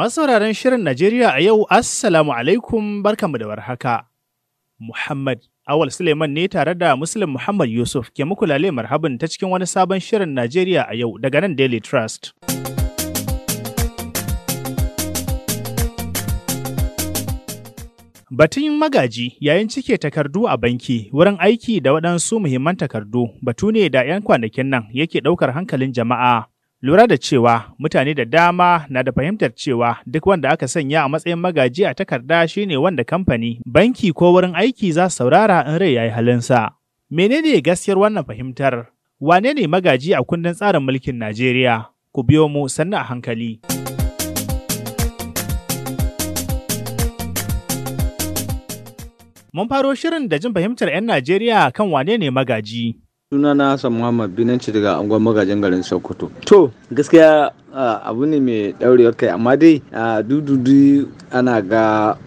Masu sauraron Shirin Najeriya a yau, Assalamu alaikum barkanmu da warhaka. Muhammad Awal Suleiman ne tare da Muslim Muhammad Yusuf ke muku lale marhabin ta cikin wani sabon Shirin Najeriya a yau daga nan Daily Trust. Batun magaji yayin cike takardu a banki wurin aiki da waɗansu muhimman takardu batu ne da 'yan kwanakin nan yake ɗaukar hankalin jama'a. lura da cewa mutane da dama na da fahimtar cewa duk wanda aka sanya a matsayin magaji a takarda shine wanda kamfani, banki ko wurin aiki za su saurara in rai ya yi halinsa. Menene gaskiyar wannan fahimtar? Wane ne magaji a kundin tsarin mulkin Najeriya? Ku biyo mu sannu a hankali. Mun faro shirin da jin fahimtar 'yan Najeriya kan wane ne magaji. suna na Hassan Muhammad Binanci daga angon magajin garin Sokoto. To gaskiya abu ne mai ɗaurewar kai amma dai dududu ana ga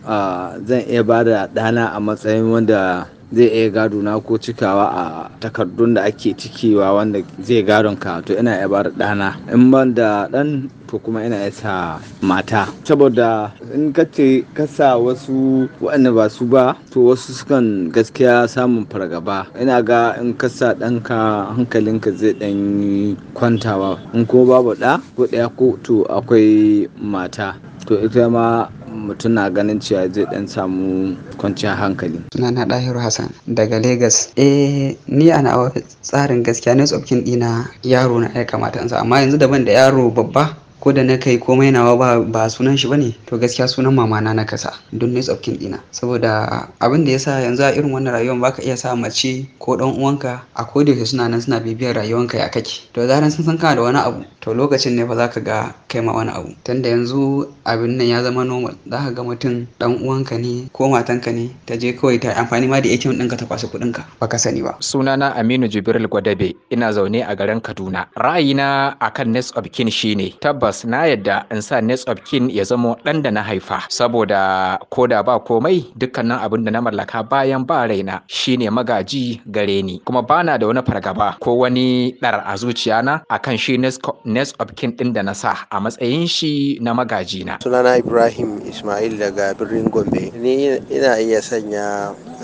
zan iya bada dana a matsayin wanda zai iya gado na ko cikawa a takardun da ake cikewa wanda zai gadon ka to ina iya bar ɗana in ban da dan to kuma ina iya sa mata saboda in ka ce ka sa wasu wa'anda ba su ba to wasu sukan gaskiya samun fargaba ina ga in ka sa ɗanka hankalinka zai ɗan kwantawa in ko babu da ko ɗaya ko to akwai mata to ita ma mutum na ganin cewa zai dan samu kwanciyar hankali na dahiru hassan daga Legas. eh ni ana tsarin gaskiya ne tsofkin dina yaro na ya kamata in amma yanzu daban da yaro babba ko da na kai komai nawa ba ba sunan shi ba ne? to gaskiya sunan mama na na kasa don ne tsofkin dina saboda abin da sa yanzu a irin wannan rayuwar baka iya sa mace ko ɗan uwanka a ko koda suna nan suna bibiyar ka ya kake to zaran sun san kana da wani abu to lokacin ne fa za ka ga kai ma wani abu tunda yanzu abin nan ya zama normal za ka ga mutum dan uwanka ne ko matanka ne ta je kawai ta amfani ma da ATM ka ta kwasa kuɗinka baka sani ba sunana Aminu Jibril Gwadabe ina zaune a garin Kaduna ra'ayina akan next of kin shine tabbas na yadda in sa next of kin ya zama ɗan da na haifa saboda koda ba komai dukkanin abin da na mallaka bayan ba raina shine magaji gare ni kuma bana da wani fargaba ko wani ɗar a zuciyana akan shi next next of kin din da na sa a matsayin shi na magajina. Sunana Ibrahim Ismail daga birnin Gombe. Ni ina iya sanya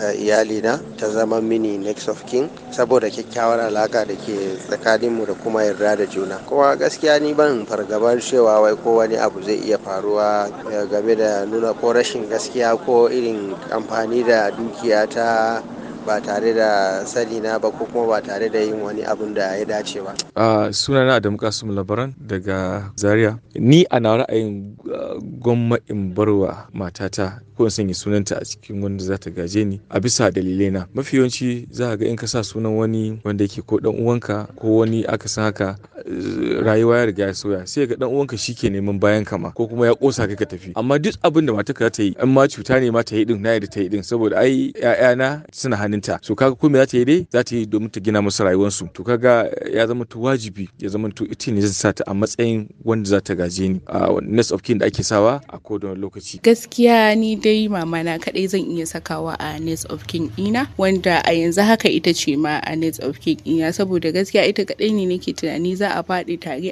eh, iyalina ta zama mini next of kin saboda kyakkyawar alaka da ke tsakaninmu da kuma yarda da juna. Kowa gaskiya ni ban fargabar cewa wai ko wani abu zai iya faruwa eh, game da nuna ko rashin gaskiya ko irin amfani da dukiya ta ba tare da sani na ba ko kuma ba tare da yin wani abun da ya dace ba. A suna na Adamu Kasum Labaran daga Zaria. Ni a na ra'ayin ah, gwamma in barwa matata ko in sanya sunanta a cikin wanda za ta gaje ni a bisa dalilai na mafi yawanci za ga in ka sa sunan wani wanda yake ko dan uwanka ko wani aka san haka eh, rayuwa ya riga ya soya sai ga dan uwanka shi ke neman bayan kama ma ko kuma ya kosa ka ka tafi amma duk abin da matarka za ta yi in ma cuta ne ma ta yi din na yadda ta yi din saboda ai ƴaƴana suna hannunta so kaga ko me za ta yi dai za ta yi domin ta gina musu rayuwarsu to kaga ya zama to wajibi ya zama to ita ne zan sa ta a matsayin wanda za ta gaje ni a next of kin da ake sawa a kowane lokaci gaskiya ni da dai mamana kadai zan iya sakawa a Nets of King ina wanda a yanzu haka ita ce ma a Nets of King ina saboda gaskiya ita kadai ne nake tunani za a faɗi tare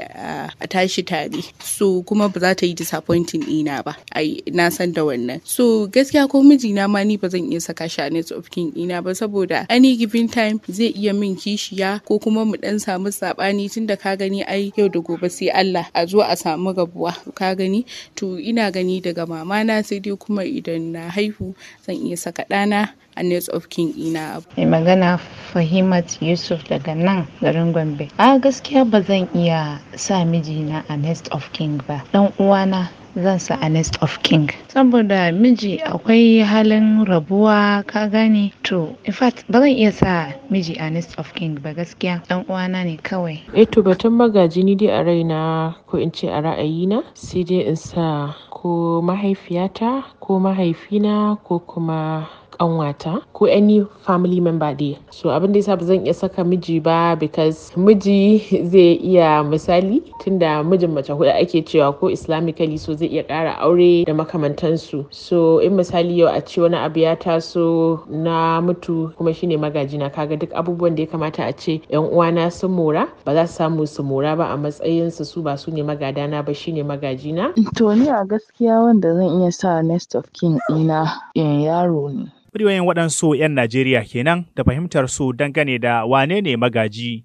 a tashi tare so kuma ba za ta yi disappointing ina ba ai na san da wannan so gaskiya ko mijina ma ni ba zan iya saka shi a Nets of King ina ba saboda any given time zai iya min kishiya ko kuma mu dan samu sabani tunda ka gani ai yau da gobe sai Allah a zo a samu gabuwa ka gani to ina gani daga mamana sai dai kuma idan na haihu zan iya saka ɗana a net of king ina mai magana fahimat yusuf daga nan garin gombe a gaskiya ba zan iya sa mijina a nest of king ba dan uwana zan sa a nest of king saboda miji akwai halin rabuwa ka gane to in fact ba zan iya sa miji a nest of king ba gaskiya dan uwana ne kawai eh to batun magaji ni dai a raina ko in ce a ra'ayina sai dai in sa ko mahaifiyata ko mahaifina ko kuma kanwata ko any family member dai so abin da yasa ba zan iya saka miji ba because miji zai iya misali tunda mijin mace hudu ake cewa ko islamically so zai iya kara aure da makamantansu so in misali yau a ce wani abu ya taso na mutu kuma shine magajina kaga duk abubuwan da ya kamata a ce yan uwana sun mora ba za su samu su mora ba a matsayin su su ba su ne magadana ba shine magajina to ni a gaskiya wanda zan iya sa next of kin ina eh, yaro ne Riwayoyin waɗansu 'yan Najeriya kenan da fahimtar su dangane da wane ne magaji.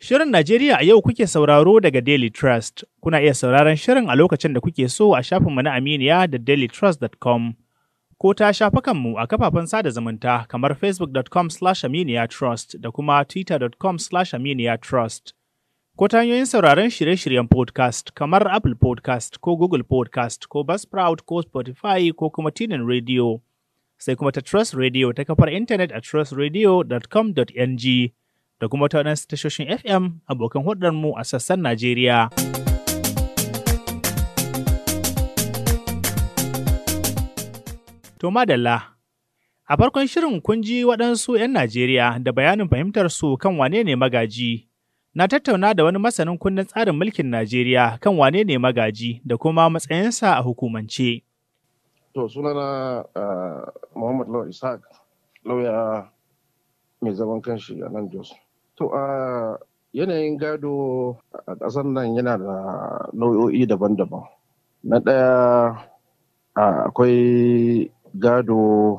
Shirin Najeriya a yau kuke sauraro daga Daily Trust. Kuna iya sauraron shirin a lokacin da kuke so a shafinmu na Aminiya da dailytrust.com ko ta shafukanmu a kafafen sada zumunta kamar facebook.com/aminiya trust da kuma twitter.com/aminiya trust. ko ta hanyoyin sauraron shirye-shiryen podcast kamar Apple podcast ko Google podcast ko Buzzsprout ko Spotify ko kuma Tinin Radio. Sai kuma ta Trust Radio ta kafar intanet a trustradio.com.ng da kuma ta wadansu tashoshin FM abokan mu a sassan Najeriya. To madalla, a farkon shirin kun ji waɗansu ‘yan Najeriya da bayanin fahimtar su kan wane ne magaji. na tattauna da wani masanin kundin tsarin mulkin Najeriya kan wane ne magaji da kuma matsayinsa a hukumance. To sunana ah, Muhammad Lawal Isaac lauya mai zaman kanshi a nan Jos. To a ah, yanayin gado a ƙasar nan yana da nau'o'i daban-daban. Na ɗaya ah, akwai gado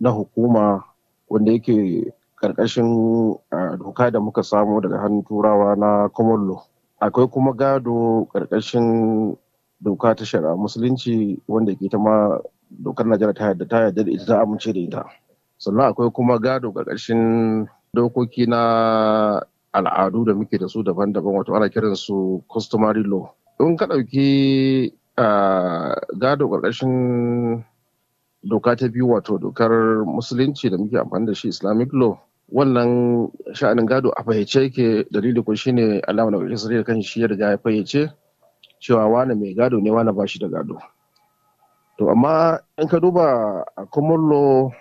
na hukuma wanda yake ƙarƙashin doka da muka samu daga hannun turawa na common akwai kuma gado ƙarƙashin doka ta shari'a musulunci wanda ke ta ma dokar najeriya ta yadda, ta yadda da ita ta amince da ita sannan akwai kuma gado ƙarƙashin dokoki na al'adu da muke da su daban-daban wato ana kiran su customary law in ka ɗauki gado ƙarƙashin doka ta biyu wato dokar musulunci da muke amfani da shi islamic law wannan sha'anin gado a fahimce yake dalili ko shine alama na ƙarshen sarari kan shi ya riga ya fayyace cewa wani mai gado ne wani ba shi da gado to amma in ka duba a kumullo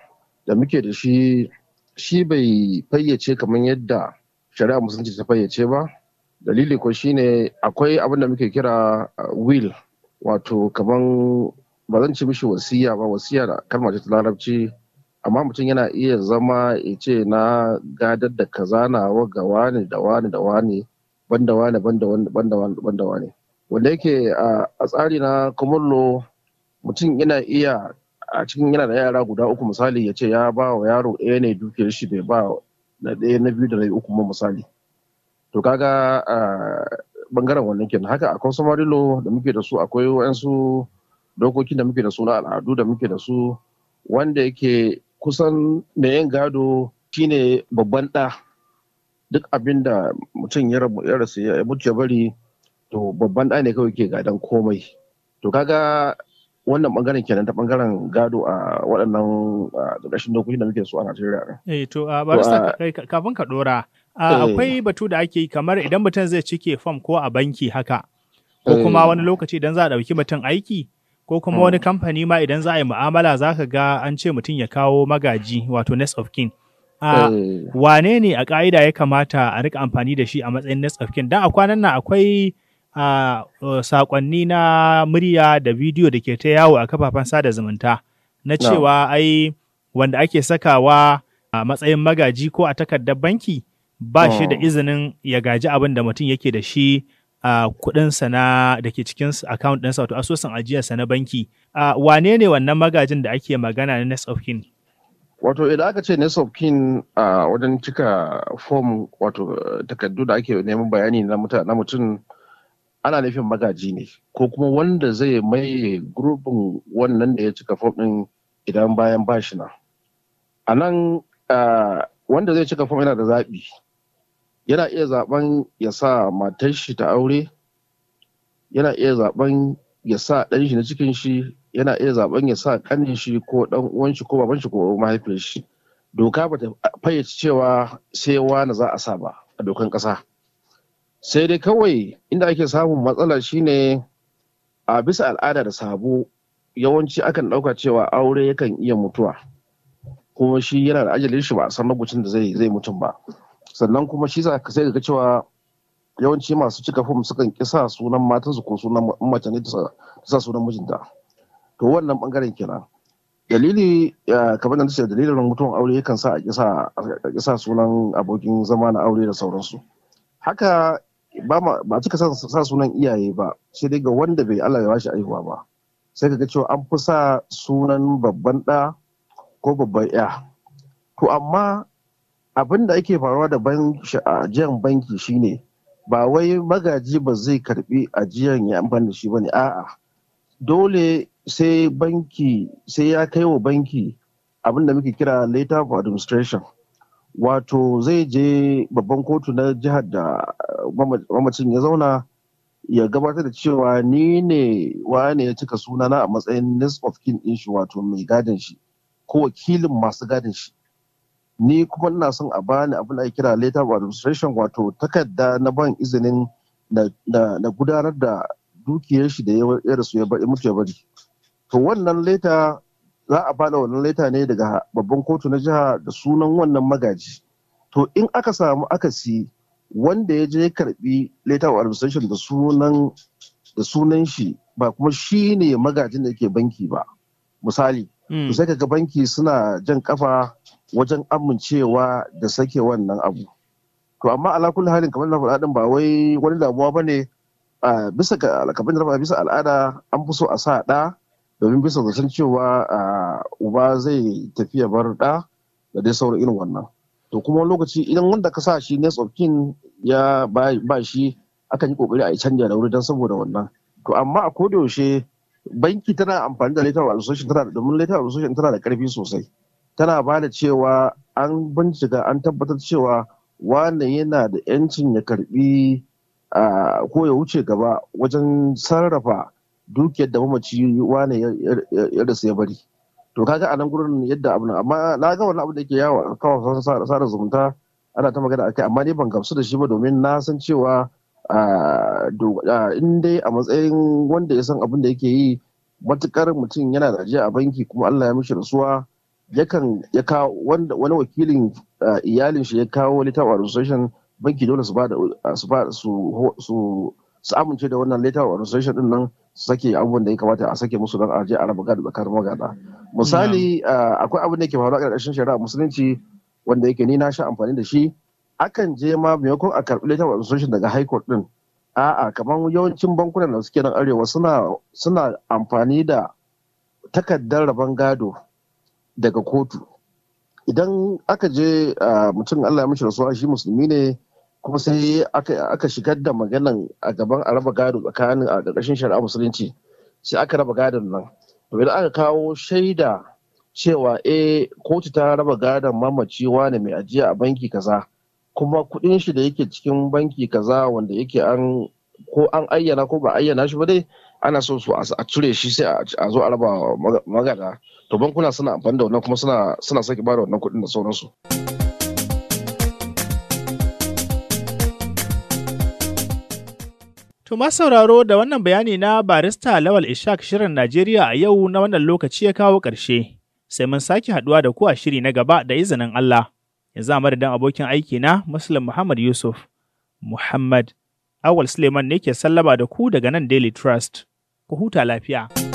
da muke da shi shi bai fayyace kamar yadda shari'a musulunci ta fayyace ba dalili ko shine akwai abin da muke kira uh, wil wato kamar ba zan ci mishi wasiya ba wasiya da kalmar ta larabci amma mutum yana iya zama ya ce na gadar da kaza wa ga wani da wani da wani banda wani banda wani banda wani banda wani wanda yake a tsari na kumullo mutum yana iya a cikin yana da yara guda uku misali ya ce ya ba wa yaro ɗaya ne dukiyar shi bai ba na ɗaya na biyu da na uku ma misali to kaga bangaren wannan kenan haka a marilo da muke da su akwai wa'ansu dokokin da muke da su na al'adu da muke da su wanda yake kusan mai yin gado shine babban ɗa duk abin da mutum ya rasu ya mutu ya bari to babban ɗa ne kawai ke gadon komai to kaga wannan ɓangaren kenan ta ɓangaren gado a waɗannan ƙarshen dokoki da muke so a Najeriya. Eh to a barista kafin ka dora eh. akwai batu da ake yi kamar idan mutum zai cike fom ko a banki haka ko eh. kuma wani lokaci idan za a ɗauki mutum aiki ko kuma wani hmm. kamfani ma idan za a yi mu'amala za ka ga an ce mutum ya kawo magaji wato next of kin. A eh. wane ne a ƙa'ida ya kamata a rika amfani da shi a matsayin next of kin? Dan a kwanan nan akwai saƙonni na murya da bidiyo da ke ta yawo a kafafen sada zumunta na cewa ai wanda ake sakawa a matsayin magaji ko a takardar banki ba shi da hmm. izinin ya gaji abin da mutum yake da shi uh, kuɗinsa na da ke cikin account ɗinsa wato asusun ajiyarsa na banki. Uh, wane ne wannan magajin da ake magana na Nest of Kin? Wato idan aka ce Nest of Kin a uh, wajen cika form wato takardu da ake neman bayani na mutum ana nufin magaji ne ko kuma wanda zai maye gurbin wannan da ya cika fom ɗin idan bayan bashi na. A wanda zai cika fom yana da zaɓi yana iya zaɓen ya sa matar shi ta aure yana iya zaɓen ya sa ɗan shi na cikin shi yana iya zaɓen ya sa ƙanin shi ko ɗan uwan shi ko baban shi ko mahaifin shi doka ba ta fayyace cewa sai wani za a sa ba a dokan ƙasa sai dai kawai inda ake samun matsala shine a bisa al'ada da sabo yawanci akan ɗauka cewa aure yakan iya mutuwa kuma shi yana da ajalin shi ba a san lokacin da zai mutum ba sannan kuma shi za sai ga cewa yawanci masu cika fom sukan kisa sa sunan matansu ko sunan mace ne ta sa sunan mijinta to wannan bangaren kenan dalili kamar da nace dalilin mutum aure yakan sa a kisa sunan abokin zama na aure da sauransu haka ba ba cika sa sunan iyaye ba sai dai ga wanda bai Allah ya bashi aihuwa ba sai ka ga cewa an fi sa sunan babban ɗa ko babban ya to amma abin da ake faruwa da jiyan banki shine ba wai magaji ba zai karbi jiyan ya amfani da shi ne. a'a dole sai banki sai ya kai wa banki abin da muke kira later of administration wato zai je babban kotu na jihar da eh, mamacin ya zauna ya gabatar da cewa ni ne ne ya cika sunana a matsayin nest of kin shi wato mai gadin shi ko wakilin masu gadin shi ni kuma ina son a bani abin da kira letter of administration wato takarda na ban izinin na gudanar da dukiyar shi da ya rasu ya mutu ya bari to wannan leta za a bada wannan leta ne daga babban kotu na jiha da sunan wannan magaji to in aka samu akasi wanda ya je karbi leta of administration da sunan da sunan shi ba kuma shi ne magajin da yake banki ba misali hmm. sai ka ga banki suna jan kafa wajen amincewa da sake wannan abu to amma ala kulli halin kamar na faɗa ba wai wani damuwa ba ne bisa ga alƙabin da bisa al'ada an fi so a sa ɗa domin bisa san cewa uba zai tafi ya bar ɗa da dai sauran irin wannan to kuma lokaci idan wanda ka sa shi next of kin ya ba shi akan yi kokari a yi canja da wuri don saboda wannan to amma a koda yaushe banki tana amfani da letter of association tana domin letter of association tana da karfi sosai tana ba da cewa an bincika an tabbatar cewa wane yana da 'yancin ya karbi ko ya wuce gaba wajen sarrafa dukiyar da mamaci wane ya rasu ya bari to kaga a nan gurin yadda abu na amma na ga wani abu da ke yawa kawo da zumunta ana ta magana akai amma ni ban gamsu da shi ba domin na san cewa in dai a matsayin wanda ya san abin da yake yi matukar mutum yana da ajiya a banki kuma Allah ya mishi rasuwa yakan ya kawo wani wakilin eh, iyalin shi ya kawo letter of association banki dole su ba da eh, su su su amince da wannan letter of association din nan su sake abubuwan da ya kamata a sake musu don a je a raba gado tsakanin magada misali eh, akwai abin da ke faruwa a ƙarƙashin shari'a musulunci wanda yake ni na sha amfani da shi akan je ma maimakon a karɓi letter of association daga high court din a'a kamar yawancin bankunan da suke nan arewa suna suna amfani da takardar rabon gado daga kotu idan aka je mutum allah ya mishi rasuwa shi musulmi ne kuma sai aka shigar da maganan a gaban a raba gado tsakanin a ƙarƙashin shari'a musulunci sai aka raba gadon nan to idan aka kawo shaida cewa eh kotu ta raba gadon mamaci ne mai ajiya a banki kaza kuma kuɗin shi da yake cikin banki kaza wanda yake an ko an ayyana ko ba ayyana shi ba dai ana so su a cire shi sai a zo a raba magada to bankuna suna amfani da wannan kuma suna suna sake bada wannan kuɗin da sauransu. To ma sauraro da wannan bayani na barista Lawal ishak shirin Najeriya a yau na wannan lokaci ya kawo ƙarshe. Sai mun sake haɗuwa da ku a shiri na gaba da izinin Allah. Yanzu a madadin abokin aiki na Muslim Muhammad Yusuf. Muhammad Awal Suleiman ne ke sallaba da ku daga nan Daily Trust. ku huta lafiya.